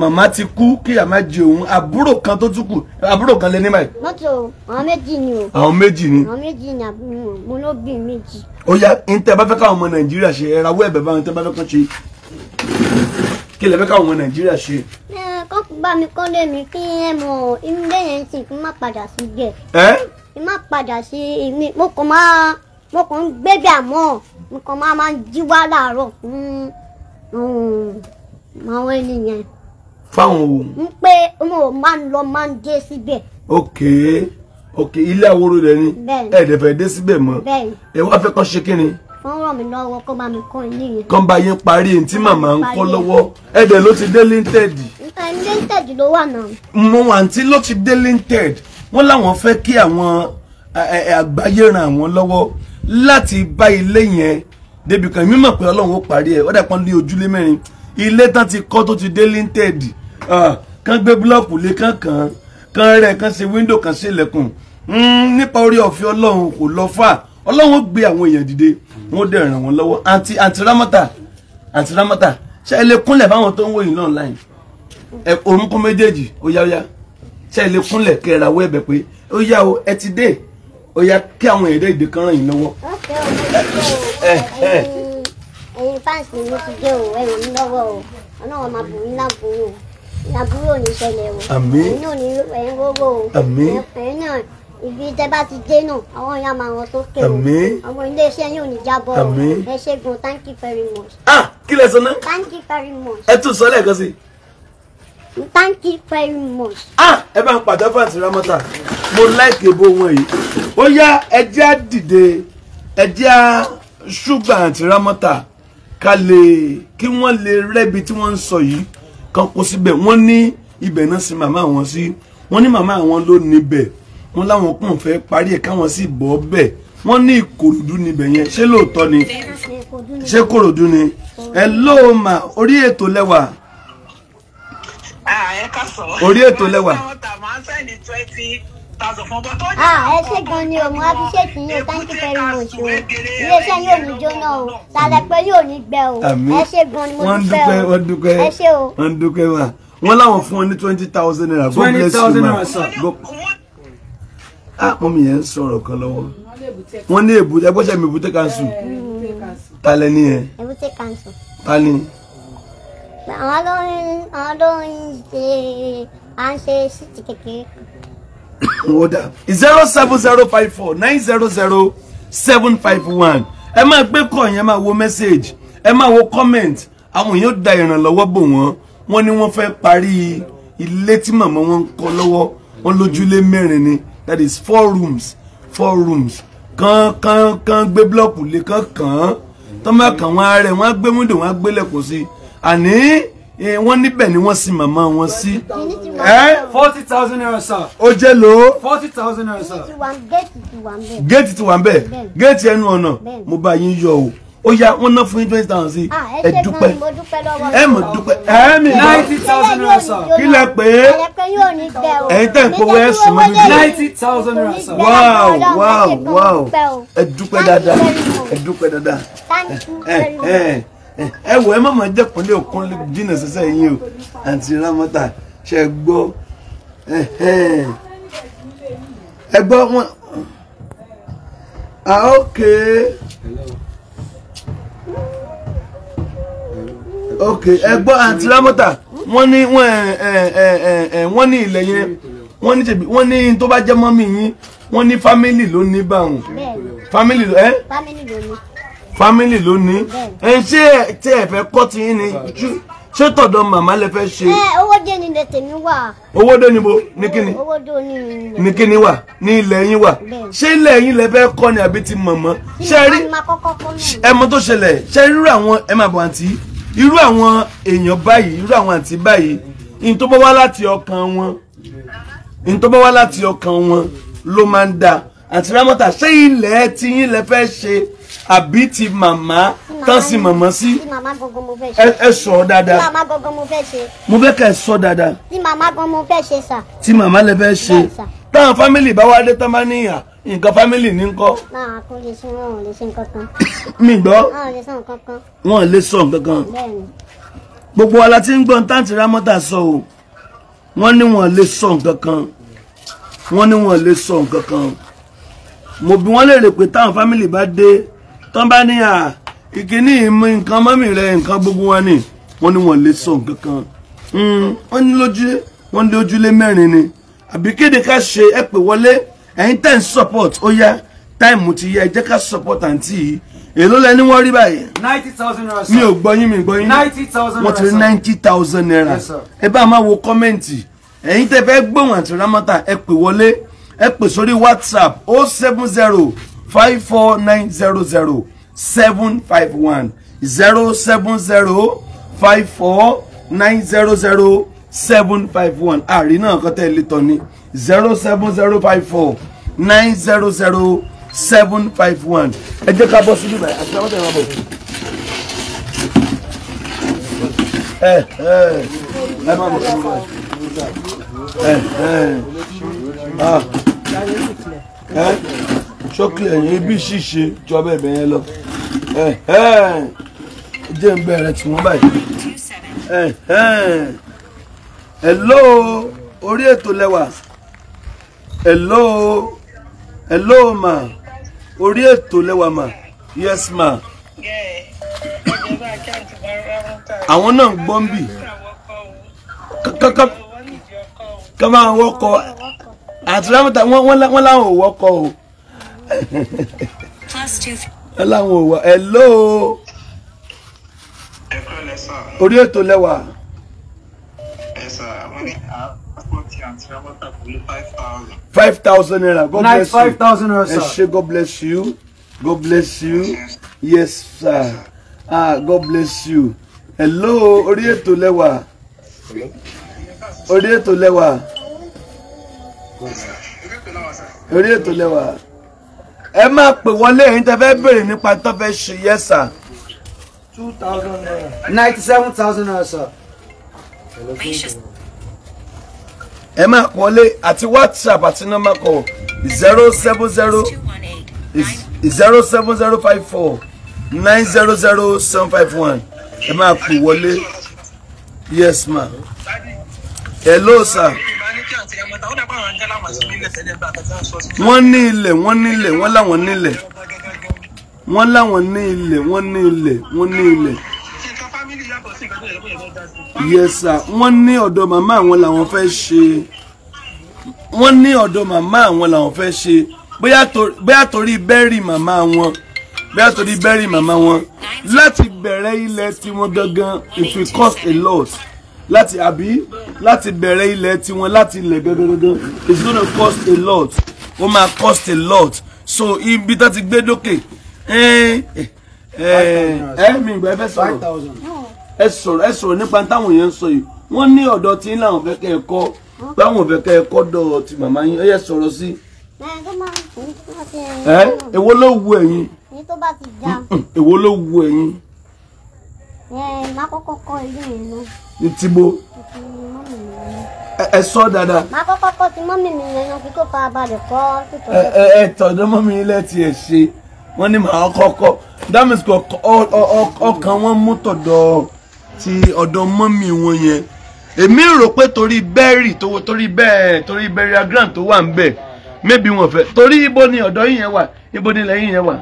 màmá ti kú kíyà má jẹ òun àbúrò kan tó tún kù àbúrò kan lé ní báyìí. mọ́tò àwọn méjì ni o. àwọn méjì ni. àwọn méjì ni àbúrò mo ló bí méjì. ó yá n tẹ́ bá fẹ́ káwọn ọmọ nàìjíríà ṣe ẹ̀rọ awọ́ ẹ̀bẹ̀ báwọn tẹ́ bá fẹ́ kàn ṣe kí lẹ fẹ́ káwọn ọmọ nàìjíríà ṣe. ẹ kọ́kú bá mi kọ́lé mi kí ẹ mọ ilé yẹn sì kí n má padà sí jẹ. ẹ ẹ má padà sí èmi mo kàn máa mo kàn ń gbébí àmọ́ mo kàn máa máa ń jí wá láàárọ̀ fún àwọn ènìyàn. fáwọn o. n pé mo máa ń lọ máa ń dé síbẹ̀. ok ok ilé àwòrò rẹ ni ẹ dẹ̀ fẹ́ dé síbẹ̀ mọ́ ẹ wá fẹ́ kàn ṣe kí ni. wọ́n ràn mí lọ́wọ́ kó bá mi kọ́ ilé yẹn. kàn bá yín parí èyí màmá ń kọ́ lọ́wọ́ ẹ dẹ̀ ló ti dé linted. linted ló wà náà. mo àǹtí ló ti dé linted wọ́n láwọn fẹ́ kí àwọn àgbáyé ran àwọn lọ́wọ́ láti bá ilé yẹn débi kan mímọ̀ pé ọlọ́run ó parí ẹ̀ ó dàpọ̀ ní ojúlé mẹ́rin ilé tán ti kọ́ tó ti dé linted kán gbé búlọ́ọ̀kù lé kán kàn kán rẹ̀ kán ṣe wíńdò kán ṣe ilẹ̀kùn hmm, nípa orí ọ̀fẹ́ ọlọ́run kò lọ fà ọlọ́run ó gbé àwọn èèyàn dìde wọ́n dẹ̀ ràn wọ́n lọ́wọ́ àǹtí àǹtí rámọ́tà àǹtí rámọ́tà ṣe é lè kúnlẹ̀ fáwọn tó ń wòyìn online orúnkún méjèèjì ó yáyá ṣe lè kúnlẹ̀ kí ẹ ra owó ẹ̀bẹ̀ pé ó yá o ẹ ti dé ó yá kí àwọn èdè èdè kan ràn yín lọ́wọ́. ẹ̀yin fáǹsì mi ti dé o ẹ ràn mí lọ́wọ́ o ọlọ́run máa bù mí lágbóró lágbóró ní ìṣẹ̀lẹ̀ o ẹ̀yin náà ní ẹ̀yin gbogbo o ẹ̀yin náà ibi tẹ bá ti dé náà àwọn ìyá máa ràn sókè o ọmọ iléeṣẹ́ yóò ní jábọ̀ o ẹ ṣé gan thank you very much. ah kí lẹ sọ náà. thank you very much. ẹ tún sọ lẹ́ẹ̀kan sí i thank you very much. ah ẹ bá ń pàdé fàǹtì ramọta mo like ebo wọn yìí ó yá ẹjẹ́ á dìde ẹjẹ́ á ṣúgbà àǹtí ramọta ká lè kí wọ́n lè rẹ́bi tí wọ́n ń sọ yìí kan kó síbẹ̀ wọ́n ní ibẹ̀ náà sí màmá wọn sí wọ́n ní màmá wọn ló níbẹ̀ wọ́n láwọn kàn fẹ́ parí ẹ̀ káwọn sì bọ́ bẹ̀ wọ́n ní ìkòròdú níbẹ̀ yẹn ṣé lóòótọ́ ni ṣé kòròdú ni ẹ lóò mà orí ètò lẹ́wà Ah, ẹ ká sọ. orí ètò lẹ́wà. wọ́n ti àwọn sẹ́ni twenty thousand fún ọgbọ́n tó jẹ́. ẹ ṣe gan ni òun abisek ní o thank you very much o iléeṣẹ́ yóò ní jóná o sàlẹ̀pẹ̀ yóò ní gbẹ o ẹ ṣe gan ni mo dúpẹ́ o ẹ ṣe o. wọ́n dúpẹ́ wa wọ́n láwọn fún ọ ní twenty thousand naira god bless you ma àpọ́n mi yẹn ń sọ̀rọ̀ kan lọ́wọ́ wọ́n ní èbúté ẹgbẹ́sẹ̀ mi èbúté kanṣu mm. ta lẹ́ni yẹn ta ni àwọn ló ṣe à ń kékeré. ó dà zero seven zero five four nine zero zero seven five one ẹ máa gbé kọ́ yẹn máa wo message ẹ máa wo comment àwọn èèyàn da ìrànlọ́wọ́ bò wọ́n wọ́n ní wọ́n fẹ́ parí ilé tí màmá wọn ń kọ́ lọ́wọ́ wọ́n lójúlé mẹ́rin ni that is four rooms four rooms kan kan kan gbé blọọkù lé kan kàn án tọ́mọ̀ kan wọn á rẹ̀ wọ́n á gbé múndò wọ́n á gbélẹ̀kùn sí i àní wọ́n níbẹ̀ ni wọ́n sin màmá wọn sí. forty thousand naira sir. ó jẹ́ lo. forty thousand naira sir. géètì ti wà ń bẹ̀ géètì ẹnu ọ̀nà mo bá yín yọ o ó yá wọn ná fún yín twenty thousand sí ah, ẹ dúpẹ́ ẹ mọ dúpẹ́ ẹ mi lọ ninety thousand naira sir kí lẹ pé ẹ̀yin tẹ n kó wẹ sùn mọ níbi ninety thousand naira sir wow wow wow ẹ dúpẹ́ dáadáa ẹ dúpẹ́ dáadáa ẹ ẹ ẹ wọ ẹ má máa jẹ́ kúnlé òkun jìnnà sẹ́sẹ́ yín o àǹtí Rámọ́tà ṣe gbọ́ ẹ gbọ́ wọn. Ah, okay. Hello. Okay, ẹ gbọ́ àǹtí Rámọ́tà wọ́n ní wọ́n ní ilẹ̀ yẹn wọ́n ní tèbi wọ́n ní tó bá jẹ́ mọ́mì yín wọ́n ní fámìlì ló ní báwọn fámìlì ló ní family ló ní ẹ ṣé tí ẹ fẹ́ kọ́ ti yín ni ṣé tọ̀dọ̀ màmá lẹ fẹ́ ṣe. ẹ owó dé ni ilẹ̀ tèmi wà. owó dé níbo ní kíni. owó dé ilẹ̀. ní kíni wà ní ilẹ̀ yín wà. ṣé ilẹ̀ yín lẹ fẹ́ kọ́ ni àbí ti mọ̀mọ́. ṣe rí ẹ mọ̀ tó ṣẹlẹ̀ ṣe irú àwọn ẹ máa bọ̀ àǹtí irú àwọn èèyàn báyìí irú àwọn àǹtí báyìí ní tó bá wá láti ọkàn wọn ní tó bá wá láti ọkàn wọn ló máa ń da àǹtí ṣé ilẹ̀ tiyín lẹ fẹ́ ṣe àbí ti màmá tán sí màmá sí ẹ sọ dáadáa tí màmá gangan mo fẹ́ ṣe mo fẹ́ ká ẹ sọ dáadáa tí màmá gangan mo fẹ́ ṣe sà tí màmá lè fẹ́ ṣe táwọn fámìlì bá wá dé tán bá níyà nǹkan fámìlì ní kọ́. máa kó lè ṣe wọn ò lè ṣe nǹkan kan. mi gbọ́ wọn ò lè sọ nǹkan kan. wọn ò lè sọ nǹkan kan. bẹ́ẹ̀ni. gbogbo wa la ń gbọ́n táǹtì rámọ́tà sọ o wọ́n ní wọn lè sọ nǹkan wọ́n ní wọn lè sọ nǹkan mo bi wọ́n léèrè pé táwọn fámìlì bá dé tán bá ní à ìkíní ìmú nǹkan mọ́mì rẹ nǹkan gbogbo wọn ni wọ́n ní wọ́n lè sọ nǹkan kan hmm, wọ́n ní lójú wọ́n ní ojúlé mẹ́rin ni àbí kéde ká ṣe ẹ pè wọlé ẹ̀yin tẹ̀ support ó yá táìmù ti yẹ ẹ jẹ́ ká support àǹtí yìí èló lẹ ní wọ́n rí báyìí. ninety thousand naira sir. mi ò gbọ́ yín mi gbọ́ ninety thousand naira wọ́n ti rí ninety thousand naira. ẹ bá máa wo kọ́mẹ́ǹtì ẹ̀yin tẹ́ fẹ́ gbóhùn àti rámọ́tà ẹ pè wọlé ẹ pè sórí whatsapp oh seven zero five four nine zero zero seven five one zero seven zero five four nine zero zero seven five one àrí náà kan tẹ́ lè tọ́ zero seven zero five four nine zero zero seven five one ẹ jẹ́ ká bọ́ síbí báyìí àti àwọn tẹ̀wọ́n bọ̀. ẹ ẹ ẹ má bọ̀ síbí báyìí ẹ ẹ ah ẹ ṣókè ẹ̀yìn ibi ṣíṣe jọ bẹ́ẹ̀ bẹ́ẹ̀ yẹn lọ jẹ́ ń bẹ̀rẹ̀ tí wọ́n báyìí hello orí ètò lẹ́wà hello hello ma orí ètò lẹ́wà ma yes ma àwọn náà ń gbọ́ ń bì kọ́ máa wọ́kọ̀ àti rámọ́ta wọ́n láwọn ò wọ́kọ̀ o ẹ láwọn ò wá ẹ lóo orí ètò lẹ́wà. five thousand naira god Night bless five thousand naira sir. ẹ ṣé god bless you god bless you yes sir ah god bless you hello orí ètò lẹ́wà orí ètò lẹ́wà orí ètò lẹ́wà ẹ máa pè wọlé ẹ̀yin tẹ́ fẹ́ béèrè nípa tó fẹ́ ṣe yẹ sà. two thousand ninety seven thousand sir. ẹ máa pè wọlé àti whatsapp àti nọ́mbà kọ zero seven zero zero seven zero five four nine zero zero seven five one ẹ máa pè wọlé yes ma hello sir wọ́n ní ilẹ̀ wọ́n ní ilẹ̀ wọ́n láwọn ní ilẹ̀ wọ́n láwọn ní ilẹ̀ wọ́n ní ilẹ̀ wọ́n ní ilẹ̀ yẹsà wọ́n ní ọ̀dọ̀ màmá àwọn làwọn fẹ́ ṣe wọ́n ní ọ̀dọ̀ màmá àwọn làwọn fẹ́ ṣe bóyá torí bẹ́rì màmá wọn bóyá torí bẹ́rì màmá wọn láti bẹ̀rẹ̀ ilẹ̀ tiwọn gangan If we cost a lot láti àbí láti bẹ̀rẹ̀ ilẹ̀ tiwọn láti ilẹ̀ gangan it's gonna cost a lot ó máa cost a lot so ibi tó ti gbé dókè ẹ eh, ẹ eh, eh, mi ìgbà ẹ fẹ́ sọ̀rọ̀ ẹ sọ̀rọ̀ ẹ sọ̀rọ̀ nípa táwọn èèyàn ń sọ yìí wọ́n ní ọ̀dọ̀ tí ń làwọn fẹ́ kẹ́ ẹ kọ́ báwọn fẹ́ kẹ́ ẹ kọ́ dọ̀ ti màmá yín ẹ yẹ sọ̀rọ̀ sí. ẹ èwo ló wu ẹ̀yin èwo ló wu ẹ̀yin. ẹ má kọ́kọ́ kọ́ ilé yẹn náà ti bo ẹ sọ dáadáa. máa kọ́kọ́ kọ́ ti mọ́mì mi yẹn kí tó fara balẹ̀ kọ́. ẹ ẹ tọ̀dọ̀ mọ́mì yín lẹ́tì ẹ̀ ṣe wọ́n ní màá kọ́kọ́ that means ọkàn wọn mú tọ̀dọ̀ ti ọ̀dọ̀ mọ́mì wọn yẹn èmi rò pé torí bẹ́ẹ̀rì torí bẹ́ẹ̀ torí burial ground tó wà ń bẹ̀ maybe wọn fẹ́ torí ibo ni ọ̀dọ̀ yìí yẹn wà ibo ni ilẹ̀ yìí yẹn wà.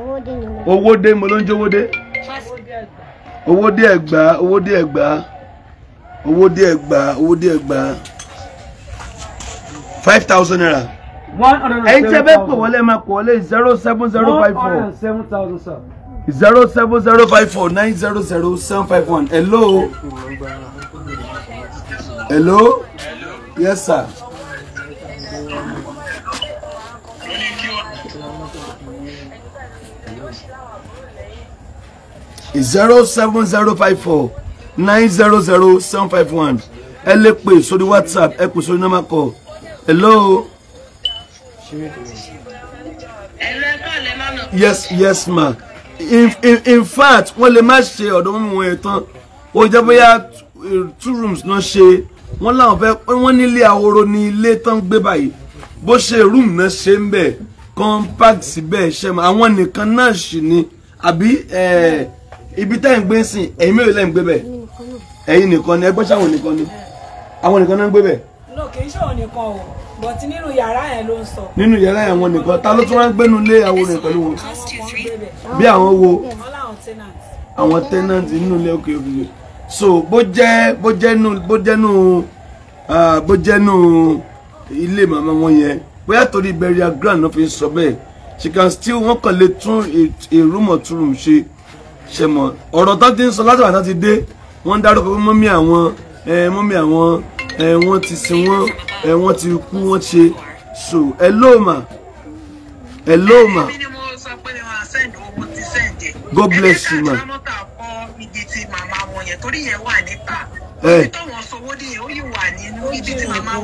owóde ni mo. owóde mo ló ń jówóde owó díẹ̀ gbà owó díẹ̀ gbà owó díẹ̀ gbà owó díẹ̀ gbà five thousand naira ẹ̀yin tí bẹ́ẹ̀ pè wọlé máa pè wọlé zero seven zero five four zero seven zero five four nine zero zero seven five one hello hello yes sir. zero seven zero five four nine zero zero seven five one ẹ lè pè sórí whatsapp ẹ pè sórí normal call hello. yes yes ma in in in fact wọ́n lè má ṣe ọ̀dọ́ mímu wọn tán ó jẹ́ bóyá two rooms náà ṣe wọ́n láwọn fẹ́ wọ́n nílé ahoro ní ilé tán gbé báyìí bó ṣe room náà ṣe ń bẹ̀ compact síbẹ̀ ṣe mọ́ àwọn nìkan náà ṣì ni àbí ẹ̀ẹ́. Eh, ibi tẹ́ ń gbé ń sìn ẹ̀yin mélòó gbé bẹ̀ ẹ̀yin nìkan ni ẹgbẹ́ sáwọn nìkan ni àwọn nìkan náà ń gbé bẹ̀. no kì í ṣe nìkan o but nínú yàrá yẹn ló ń sọ. nínú yàrá yẹn àwọn nìkan ta ló tún wá ń gbénu lé àwọn nìkan pẹ̀lú wọn bí àwọn wo àwọn tenant nínú ilé òkè òkè so bó jẹ́ bó jẹ́ nù bó jẹ́ nù bó jẹ́ nù ilé màmá wọn yẹn bóyá torí burial ground náà fi sọ bẹ́ẹ̀ she can still wọ́n kàn lè tún a room or two room ṣe ṣe mọ̀ ọ̀rọ̀ tó ti ń sọ látàwọn àti dé wọ́n ń dárúkọ pé mọ́mí àwọn mọ́mí àwọn wọ́n ti sin wọ́n wọ́n ti kú wọ́n ṣe so hello ma hello ma God bless you ma. Ẹ ibi tí màmá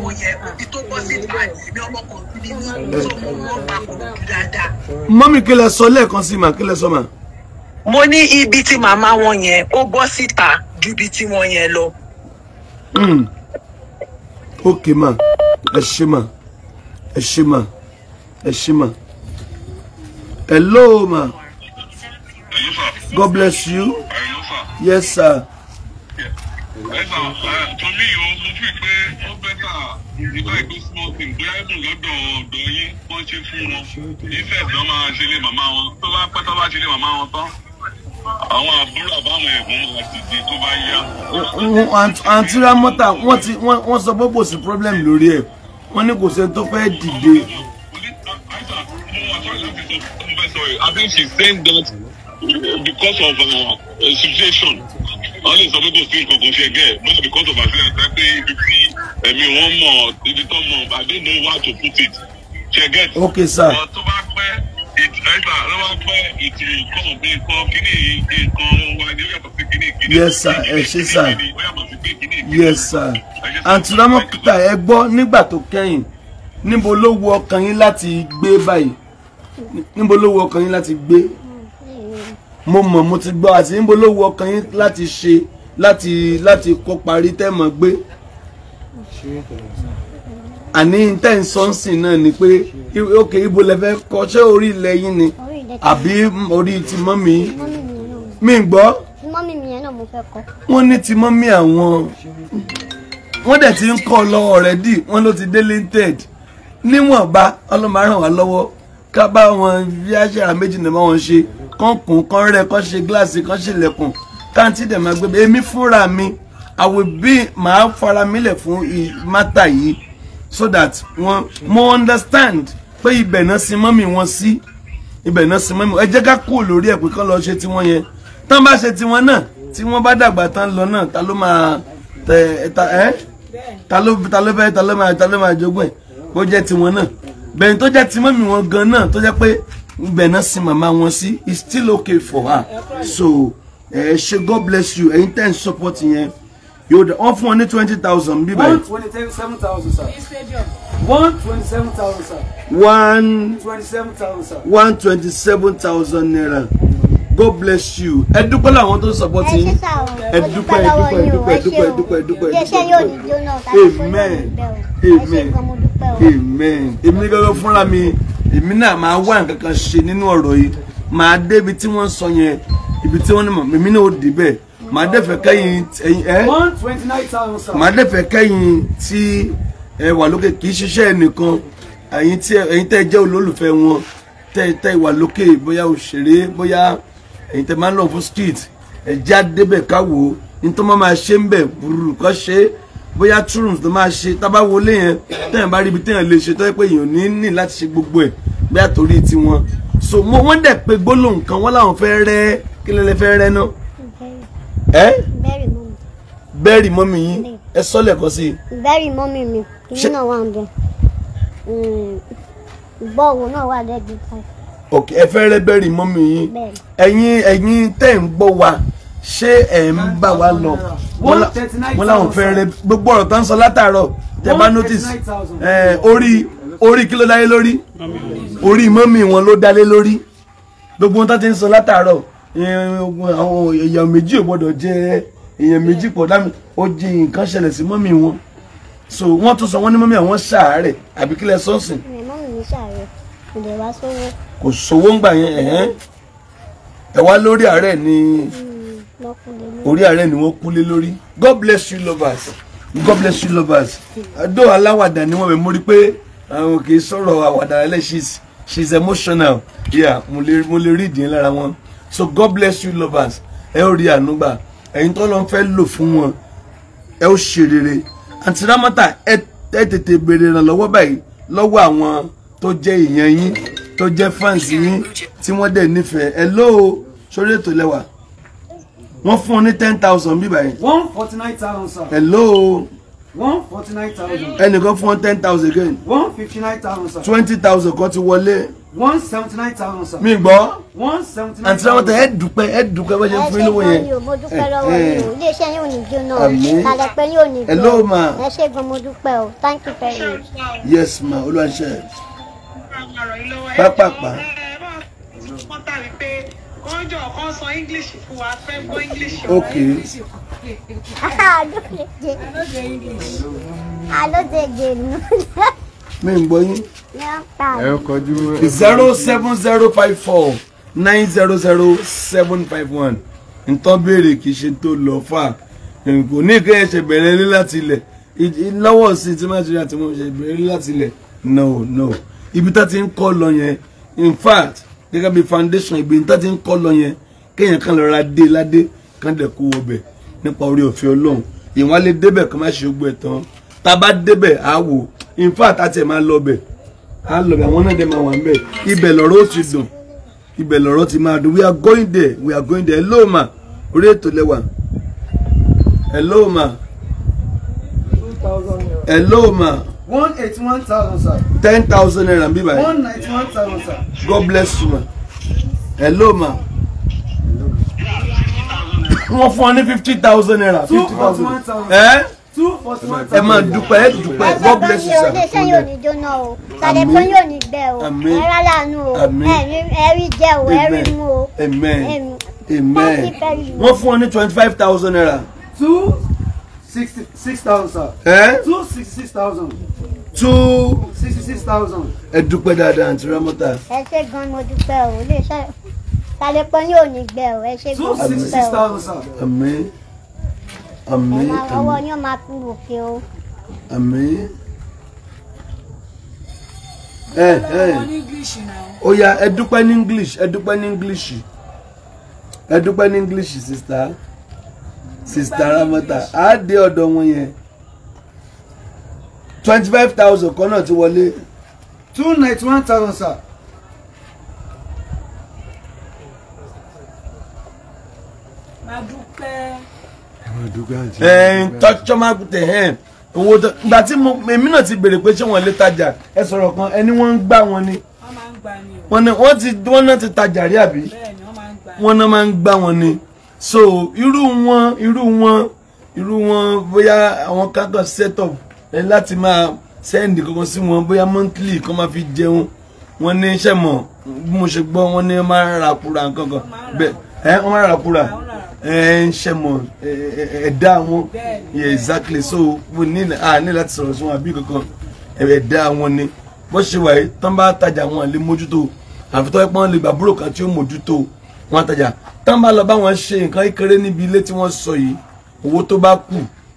wọn yẹ òbí tó bọ́ síta ní mọ́mí kí lẹ sọ lẹ́ẹ̀kan sí màá kí lẹ sọ màá mo ní ibi tí màmá wọn yẹn ó bọ́ síta ju ibi tí wọ́n yẹn lọ. Hmm. ok ma ẹ ṣé ma ẹ ṣé ma ẹ ṣé ma hello ma god bless you yes sir. ẹ̀sà torí o mo fi pé ó bẹ́tà nígbà ìgbó small thing lọ́dọ̀ ọ̀dọ̀ yín wọ́n ṣe fún wọn ìfẹ́ ìdán ṣe lé màmá wọn tó bá pẹ́ tó bá ṣe lé màmá wọn tán àwọn àbúrò àbáwọn ẹ̀gbọ́n máa dìde tó bá yá. àǹtí Rámọ́tà wọ́n sọ pé kò sí problem lórí ẹ̀ wọ́n ní kò sẹ́ni tó fẹ́ dìde. I think she's saying that because of uh, situation all these people still kankan ṣe get but because of accident like say ibi tí ẹ̀mí wọn mọ̀ ibi tó mọ̀ I don't know where to put it ṣe get. okay sir. Uh, ẹ̀ka ló máa pẹ́ ètò nǹkan ọ̀gbìn nǹkan kíní nǹkan wa ni ó yàtọ̀ sí kíní kíní. yes sir ẹ ṣe sà yes sir àǹtí rámọ́kítà ẹ gbọ́ nígbà tó kẹ́yìn níbo ló wù ọkàn yín láti gbé báyìí níbo ló wù ọkàn yín láti gbé mo mọ̀ mo ti gbọ́ àti níbo ló wù ọkàn yín láti ṣe láti láti kó parí tẹ́ mọ̀ gbé àní tẹ́ǹsọ́nsìn náà ni pé ok ibo lẹ fẹ́ kọ́ ṣé orí ilẹ̀ yín ni àbí orí ti mọ́mì mi gbọ́ mọ́mì mi yẹn náà mo fẹ́ kọ́. wọ́n ní ti mọ́mì àwọn wọ́n dẹ̀ ti ń kọ́ lọ already wọ́n ló ti deleted níwọ̀nba ọlọ́mọ ràn wá lọ́wọ́ ká bá wọn bí aṣáára méjì náà bá wọn ṣe kán kùn kán rẹ kán ṣe gíláàsì kán ṣèlẹ̀kùn káńtì dẹ̀ máa gbé èmi fúnra mi àwòbí màá fara mílẹ̀ fún mátà yìí so that wọ́n mo understand pé ibẹ̀ náà sin mọ́mì wọn sí ibẹ̀ náà sin mọ́mì ẹ jẹ́ ká kúrò lórí ẹ̀ pé kán lọ ṣe tiwọn yẹn tán bá ṣe tiwọn náà tí wọ́n bá dàgbà tán lọ náà ta ló máa tẹ ta ẹ ta ló ta ló fẹ́ ta ló máa ta ló máa jogún ẹ̀ kó jẹ́ tiwọn náà bẹ̀yìn tó jẹ́ ti mọ́mì wọn gan náà tó jẹ́ pé ibẹ̀ náà sin màmá wọn sí it's still okay for her so ẹ ṣe God bless you ẹ̀yin tẹ́ ń support yẹn yóò dẹ wọn fún ọ ní twenty thousand bí one twenty seven thousand sir. one twenty seven thousand sir. one twenty seven thousand sir. one twenty seven thousand naira. God bless you. Ẹ dúpẹ́ làwọn tó ń support yín. Ẹ dúpẹ́ ẹ dúpẹ́ ẹ dúpẹ́ ẹ dúpẹ́ ẹ dúpẹ́ ẹ dúpẹ́ ẹ dúpẹ́. Amen. Amen. Amen. Èmi gẹ́gẹ́ fúnra mi, èmi náà máa wá nǹkan kan ṣe nínú ọ̀rọ̀ yìí. Màá débi tí wọ́n sọ yẹn, ibi tí wọ́n ní mọ̀, èmi náà ó débẹ̀ màá dẹ̀fẹ̀ kẹ́yìn ẹ màá dẹ̀fẹ̀ kẹ́yìn tí ẹ wà lókè kì í ṣiṣẹ́ nìkan ẹ̀yin tí ẹ̀yin tẹ́ jẹ́ olólùfẹ́ wọn tẹ́ tẹ́ wà lókè bóyá òṣèré bóyá ẹ̀yin tẹ́ máa ń lọ fún street ẹ jáde bẹ̀ káwo ní tó máa ṣe ń bẹ̀ burú kọ́ ṣe bóyá turns ló máa ṣe tábà wọlé yẹn tẹ́yìn bá rí ibi tẹ́yìn lè ṣe tó pé èèyàn ní ní láti ṣe gbogbo ẹ̀ bóyá torí tiwọn so wọ́n dẹ̀ pé gbólóhùn kan wọ́n láwọn fẹ́ rẹ́ kí lẹ́lẹ́ rẹ́ náà ẹ. bẹ́ẹ̀rì mọ́ mi. bẹ́ẹ̀rì mọ́ mi yín ẹ sọ lẹ́ẹ̀kan sí i. bẹ́ẹ̀rì mọ́ mi mi kìíní náà wà ń bẹ hmm, bọ́ọ̀wù náà wà lẹ́bi báyìí. ok ẹ fẹ́ rẹ́ bẹ́ẹ̀rì bawa mi yín ẹ̀yin ẹ̀yin tẹ́ ń gbọ́ wa ṣé ẹ̀ ń bá wa lọ wọ́n láwọn fẹ́ rẹ́ gbogbo ọ̀rọ̀ tó notice Eh ori ori kilo dálé ori. orí mọ́mì wọn ló dálé lórí gbogbo wọn tó a ń àwọn èèyàn méjì ò gbọ́dọ̀ jẹ èèyàn méjì pọ̀ dámi ó jẹ nǹkan ṣẹlẹ̀ sí mọ́mì wọn so wọ́n tún sọ wọ́n ní mọ́mì àwọn ṣàárẹ̀ àbí kílẹ̀ sọ́ọ̀sìn. mọ́mì mi ṣàárẹ̀ kò lè wá sówó. kò sówó ń gbà yẹn ẹ̀hẹ́n ẹ̀ wá lórí àárẹ̀ ni hmm, orí àárẹ̀ ni wọ́n kúlé lórí God bless you lovers God bless you lovers adó aláwàdà ni wọ́n bẹ̀ mórí pé àwọn kì í sọ̀rọ̀ àwàdà ẹlẹ́ṣin she is emotional yeah mo lè mo lè rí ìdí lára wọn so god bless you lovers ẹ ó rí ànúgbà ẹ̀yin tó lọ́n fẹ́ lò fún wọn ẹ ó ṣe rere àti rámọ́tà ẹ tètè béèrè ìrànlọ́wọ́ báyìí lọ́wọ́ àwọn tó jẹ́ èèyàn yín tó jẹ́ fans yín tí wọ́n dẹ̀ nífẹ̀ẹ́ ẹ lóo sórí ètò lẹ́wà wọ́n fún ọ ní ten thousand bí báyìí. one forty nine thousand sir. hello. one forty nine thousand. ẹnìkan fún ọ ten thousand again. one fifty nine thousand sir. twenty thousand kan ti wọlé one seventy nine thousand sir. mi gbọ́. one seventy nine thousand. àti sáwọn tẹ ẹ dúpẹ́ ẹ dúpẹ́ bá ṣe fún lówó yẹn. ẹ ṣe gan ni o mo dúpẹ́ lọ́wọ́ yìí o iléeṣẹ́ yóò ní jóná o kàlẹ́ pé yóò ní jóná. hello ma. ẹ ṣe gan mo dúpẹ́ o thank you very much. yes ma olùwàṣẹ. pápápá. kọ́njọ́ kan sọ english fún wa fẹ́ gbọ́ english. ok. àlọ́ de àlọ́ de nù. mi ń gbọ́ ẹ kọjú. zero seven zero five four nine zero zero seven five one ntọ́ béèrè kì í ṣe tó lọ fà kò ní ìkẹyẹ ṣe bẹ̀rẹ̀ ilé láti ilẹ̀ lọ́wọ́ sí ti má ṣe àti mo ṣe bẹ̀rẹ̀ ilé láti ilẹ̀ no no ibi tá ti ń kọ́ lọ yẹn in fact gẹ́gẹ́ bí foundation ibi tá ti ń kọ́ lọ yẹn kéèyàn kan lọ́ra dé ládé kan dẹ̀ kó wọbẹ̀ nípa orí òfin ọlọ́run ìwọ́n á lè débẹ̀ kan má ṣe gbogbo ẹ̀ tán tá a bá débẹ̀ á wò in fact àti ẹ̀ máa lọ bẹ̀ á lọ bẹ̀ àwọn náà dẹ̀ máa wà ń bẹ̀ ibẹ̀ lọ́rọ̀ ó ti dùn ibẹ̀ lọ́rọ̀ ti máa dùn we are going there we are going there hello ma orí ètò lẹ́wà hello ma hello ma one eighty one thousand sir ten thousand naira bí báyìí one ninety one thousand sir God bless you ma hello ma wọ́n fún ọ ní fifty thousand naira fifty thousand ẹ́ ẹ máa dúpẹ́ ẹ dúpẹ́ God bless you sir. iléeṣẹ́ yóò ní jóná o tàdépọ́n yóò ní gbẹ o ẹ rárá nu o ẹ rí jẹ o ẹ rí mu o. amen amen wọ́n fún ọ ní twenty five thousand naira. two sixty six thousand. two sixty six thousand two sixty six thousand. ẹ dúpẹ́ dáadáa àǹtí rámọ́tà. ẹ ṣe gan mo dúpẹ́ o iléeṣẹ́ tàdépọ́n yóò ní gbẹ o ẹ ṣe gan mo dúpẹ́ o. two sixty six thousand. àmín. Àmín. Ọwọ́ yóò máa kú òkè o. Àmín. Ẹ ẹ ó yá ẹ em inglês, English ẹ dúpẹ́ ní English ẹ dúpẹ́ ní English sista sista Ramota á dé ọ̀dọ̀ wọn yẹn twenty five thousand kan náà ti wọlé. two ninety one thousand sir. Màá dúpẹ́ tọ́jọ́ máa tẹ̀ ẹ́ owó tó ìgbà tí mo èmi náà ti béèrè pé ṣé wọ́n lè tajà ẹ sọ̀rọ̀ kan ẹni wọ́n ń gbà wọn ni wọ́n ní wọ́n ti wọ́n náà ti tajà rí àbí wọ́n náà máa ń gbà wọn ni so irú wọn irú wọn irú wọn bóyá àwọn kankan set up láti máa sẹ́ndì kankan sí wọn bóyá monthly kan máa fi jẹun wọ́n ní sẹ́mọ̀ bí mo ṣe gbọ́ wọ́n ní máa rà kúra nǹkan kan bẹ́ẹ̀ wọ́n máa rà kúra ẹ ń ṣe mọ ẹ̀dá wọn yẹ exactly so we need a ní láti sọ̀rọ̀ sí wọn àbí kankan ẹ̀dá wọn ni bó ṣe wà yìí tán bá tajà wọn lè mójútó àfi tó pọ́n lè gbàbúrò kan tí ó mójútó wọn tajà tán bá lọ bá wọn ṣe nǹkan kékeré níbi ilé tí wọ́n sọ yìí owó tó bá kù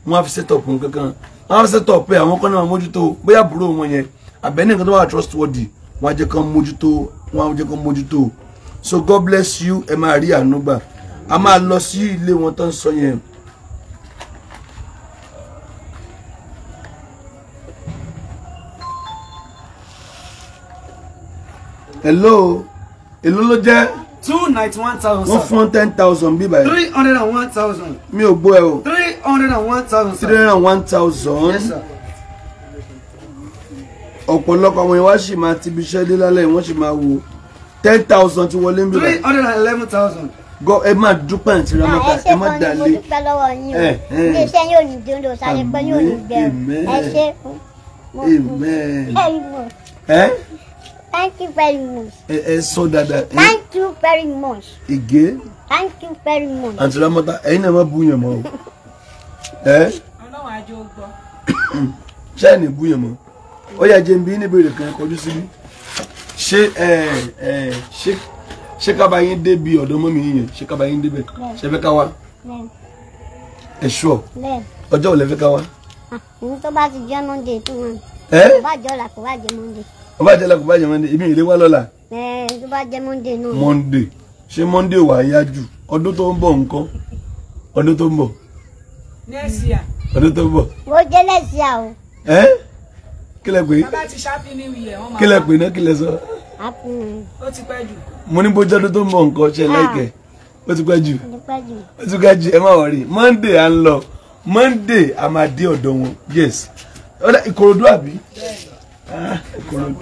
wọn á fi ṣètọ̀pù kankan wọn á fi ṣètọ̀pù àwọn kan náà mójútó bóyá àbúrò wọn yẹn àbẹ́ni nǹkan tó wà trustworthy wọn á jẹ́ kán mójútó wọn á jẹ́ kán mójútó so God bless you ẹ máa rí àánú gbà a máa lọ sí ilé wọn tó ń sọ yẹn. hello èló ló jẹ́. two ninety one thousand. wọ́n fún ten thousand bíbá yẹn. three hundred and one thousand. mi ò gbọ́ ẹ o. three hundred and one thousand. three hundred and one thousand. yes sir. ọ̀pọ̀lọpọ̀ àwọn ìwá sì máa ti ibiṣẹ́ dé lálẹ́ wọ́n sì máa wo ten thousand ti wọlé ń bí. three hundred and eleven thousand gọ ẹ máa dúpẹ́ àti ramata ẹ má dalẹ̀ ẹ ṣe kan ní mo yóò ní dúró sáré pé yóò ní bẹ̀rù ẹ ṣe mo kú ẹ thank you very much. ẹ ẹ sọ dáadáa. thank you very much. ege. thank you very much. àti ramata ẹyin náà má bú yẹn mọ́ o. ẹ. ọlọ́wọ́ ajé ó gbọ́. ṣáìní bú yẹn mọ́ ó yà jẹ́ nbí níbi èrè kan kọjú síbí ṣé ẹ ẹ ṣé ṣé ká bá yín débi ọ̀dọ̀ mọ́mì yín yẹn ṣé ká bá yín débẹ̀ ṣe fẹ́ ká wá ẹ ṣọ ọjọ́ ò lẹ fẹ́ ká wá. àmì tó bá ti jẹ́ monday tó wọn. ẹ kò bá jẹ́ ọ̀la kò bá monday. kò bá jẹ́ ọ̀la kò bá jẹ́ monday ibi ìlé wá lọ́la. ẹ tó bá jẹ́ monday náà. monday ṣé monday wa yaju. Odo jù ọdún tó ń bọ̀ nǹkan ọdún tó ń bọ̀. mo jẹ́ next o. Eh? kí lẹ pè é kí lẹ pè é náà kí lẹ sọ. ó ti pẹ́ jù. mo ní bó jọ́dún tó ń bọ̀ nǹkan ṣe ah. láìkẹ́ ó ti pẹ́ jù ó ti pẹ́ jù ẹ má wọrí monday à ń lọ monday a máa dé ọ̀dọ̀ wọn yes ìkòròdú àbí ah, ìkòròdú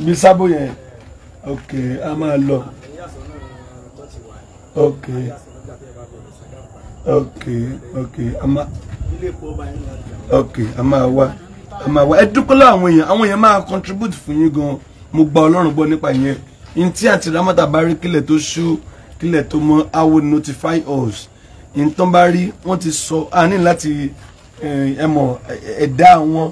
ibi sábò yẹn ok a máa lọ ok ok ok a máa ok a máa wá ẹ máa wá ẹ dúpẹ́ lọ́wọ́ àwọn èèyàn àwọn èèyàn contribute fún yín gan mo gba ọlọ́run gbọ́ nípa yẹn in tí àti ramata bá rí kílẹ̀ tó ṣú kílẹ̀ tó I will notify us in tán bá rí wọ́n ti sọ a ní láti ẹ mọ̀ ẹ̀dá wọn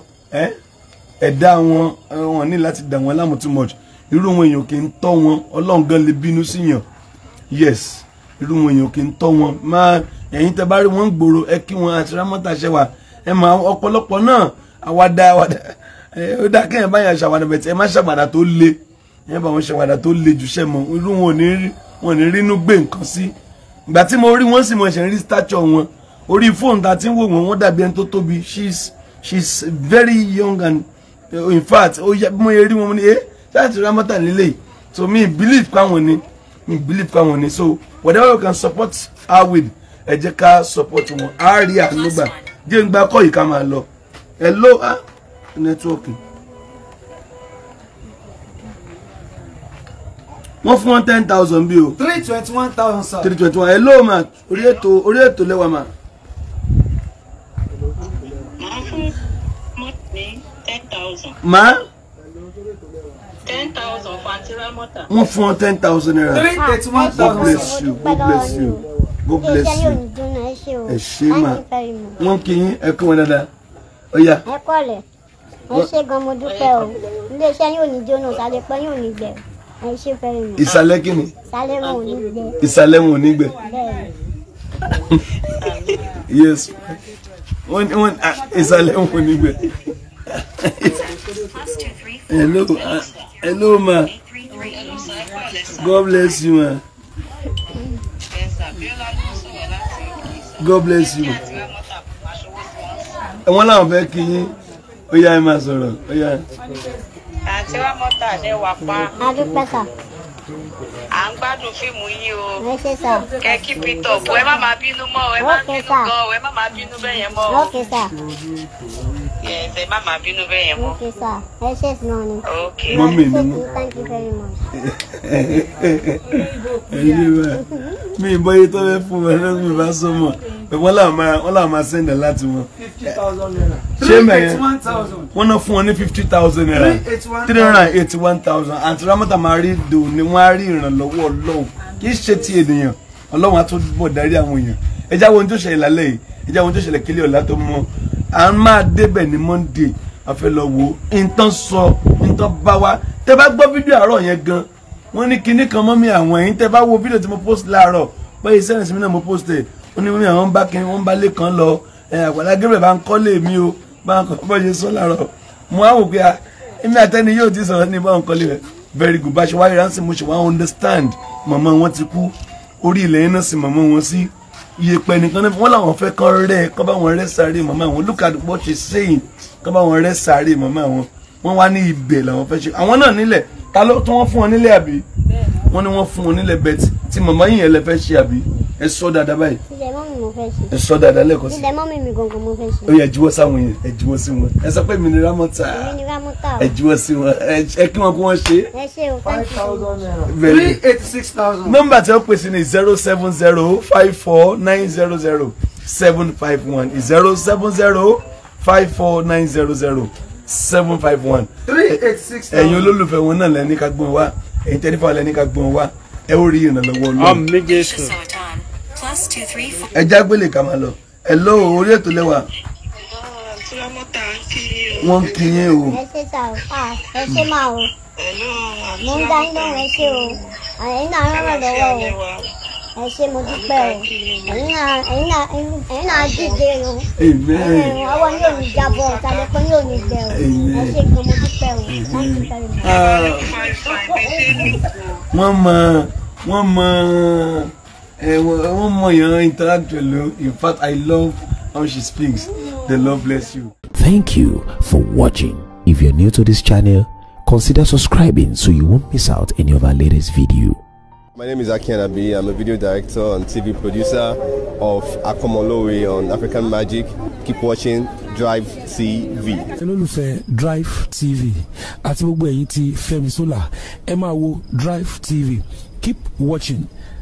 ẹ̀dá wọn wọn ní láti dà wọn láàmú too much irú wọn èèyàn kì í tọ́ wọn ọlọ́run gan lè bínú síyàn yes irú wọn èèyàn kì í tọ́ wọn máa ẹ̀yin tẹ bá rí wọn gbòòrò ẹ kí wọn àti ramata ṣẹwà ẹ máa ọ̀pọ̀lọpọ̀ náà àwàdà àwàdà ó dá kéèyàn báyàn ṣàwàdà bẹ̀tẹ̀ ẹ má ṣàwàdà tó le ẹ bá wọn ṣàwàdà tó le jù ṣẹ́ mọ́ irú wọn ò ní rí wọn ò ní rínú gbé nǹkan sí ìgbà tí mo rí wọn sì mo ṣe ń rí stature wọn orí fóònù tá a ti ń wò wọn wọn dàbí ẹni tó tóbi she's she's very young and uh, in fact ó yẹ bí mo rí wọn eh, ni ẹ ṣáàtì ramọta lélẹ̀ so me believe káwọn ni me believe káwọn ni so whatever we can support her with ẹ jẹ́ ká support wọn á rí àánú gbà jẹ́ ń gbà kọ́ yìí ká máa lọ hello ah networking. wọ́n fún wọn ten thousand bí o. three twenty one thousand sir. three twenty one hello ma orí ètò orí ètò lẹ́wà ma. màá fún mọ́tò ní ten thousand. màá ten thousand for anterior motor. wọ́n fún ọ ten thousand naira. three thirty one thousand. God bless you God bless you God bless you. ẹ ṣé ma wọ́n kì í ẹ kí wọn dáadáa ẹ kọ́lẹ̀ ẹ ṣe gan mo dúpẹ́ o iléeṣẹ́ yóò ní jóná ìsàlẹ̀ pẹ́ yóò ní gbẹ ẹ ṣe fẹ́ mi. ìsàlẹ̀ kí ni. ìsàlẹ̀ wọn ò ní gbẹ. ìsàlẹ̀ wọn ò ní gbẹ. yes wọn wọn ah, ìsàlẹ̀ wọn ò ní gbẹ. hello ah, hello ma god bless you ma god bless you wọn làwọn fẹ́ kí yín ó yá ẹ máa sọ̀rọ̀ ó yá. àti wàá mọ́tà ṣe wà pa. adúpẹ́ sà. à ń gbádùn fíìmù yín o. lọ́kẹ́ sà. kẹ́ kí pítọ̀ bù ẹ má máa bínú mọ́ ẹ má bínú gan ẹ má máa bínú bẹ́yẹn mọ́. lọ́kẹ́ sà. Yes, Okay, sir. Ẹ ṣe é Okay. Mọ́ mi Thank you very much. Ẹyẹ bá mi ìbọn yìí tó fẹ́ fún mi lọ́dún mi bá sọ mọ̀. Wọ́n là máa wọ́n là láti wọn. Fifty thousand naira. Ṣé mẹ̀yẹn? Wọ́n náà fún wọn ní fifty thousand naira. Three hundred and eighty one thousand. Àti Ramata máa rí ìdò ni wọ́n á rí ìrànlọ́wọ́ Ọlọ́run. Kì í ṣe ti ènìyàn. Ọlọ́run á tún bọ̀ darí àwọn èèyàn. Ẹ jáwé ohun tó ṣẹlẹ̀ lálẹ́ yìí. Ẹ jáwé ohun tó ṣẹlẹ̀ kílẹ̀ ọ̀la tó mọ́ à ń máa débẹ̀ ní Monday a fẹ́ lọ wo nǹkan sọ nǹkan bá wa tẹ bá gbọ́ fídíò àárọ̀ yẹn gan wọ́n ní kinní kan mọ́mí àwọn ẹ̀yìn tẹ bá wo fídíò tí mo post láàárọ̀ pé iṣẹ́ ìsinmi náà mo post ẹ̀ ó ní mímí àwọn bá kinní wọ́n bá lé kan lọ Àgbàlá Gabriel bá ń kọ́ lé mi o bá ń kọ́ bọ́ ṣe sọ láàárọ̀ mo á wò pé a ah, èmi àtẹ́ni yóò ti sọ̀rọ̀ ní báwọn kọ́ lé rẹ̀ very good bá ṣe wáyé ránṣẹ́ mo ṣe wá understand màmá wọn ti kú orí ilẹ̀ yẹn náà sì màmá wọn sí iyẹ̀pẹ̀ nìkan náà wọ́n làwọn fẹ́ kán rẹ́ kán bá wọn rẹ́ sáré màmá wọn look at what she saying kán bá wọn rẹ́ sáré màmá wọn wọ́n wá ní ibẹ̀ làwọn fẹ́ ṣe àwọn náà nílẹ̀ ta ló tán wọ́n fún wọn nílẹ̀ àbí wọ́n ní wọ́n fún wọn nílẹ̀ bẹ́ẹ̀ tí màmá yìnyẹn lẹ fẹ́ ṣe àbí ẹ sọ dáadáa báyìí. ilẹ̀ mọ́ mi mo fẹ́ ṣe. ẹ sọ dáadáa lẹ́ẹ̀kan sí. ilẹ̀ mọ́ mi mi gangan mo fẹ́ ṣe. ó yẹ juwọ́ sáwọn yẹn ẹ juwọ́ sí wọn ẹ mi ni ramota. mi ni ramota o. ẹ juwọ́ sí wọn ẹ kí wọn kí wọ́n ṣe. ẹ o five thousand ni zero seven zero five four nine zero zero seven five one zero seven zero five four nine zero zero seven five one. three eight six thousand. ẹ̀yin olólùfẹ́ wọn náà lẹ́ni ká gbọ́n wá ẹ̀yin tẹ́lifà lẹ́ni ká gbọ́n wá ẹ ó rí ìrànlọ́wọ́ Ọlọ́run. ọmọ méje ẹ já gbélé ká máa lọ ẹ lọ orí ètò lẹ́wà. wọ́n ń kí yín o. ẹ ṣe ta o ẹ ṣe máa o mo ń dá yín lọ́rùn ẹ ṣe o ẹ̀yin náà rán ràn lọ́wọ́ o ẹ ṣe mo dúpẹ́ o ẹ̀yin náà ẹ̀yin náà díje o ọwọ́ yóò ní jábọ̀ tàbí kan yóò ní gbẹ o ẹ ṣe gan mo dúpẹ́ o ah. wọ́n mọ wọ́n mọ wọ́n mọ̀ yàn interact pẹ̀lú in fact I love how she speaks the Lord bless you. Thank you for watching. If you're new to this channel, consider subscribing so you won't miss out any of our latest video. My name is Aki Anabi. I'm a video director and TV producer of Akomolowe on African Magic. Keep watching Drive TV. Olólùfẹ́ Drive TV àti gbogbo ẹ̀yin tí Fẹ́mi Sola, ẹ wo Drive TV. Keep watching.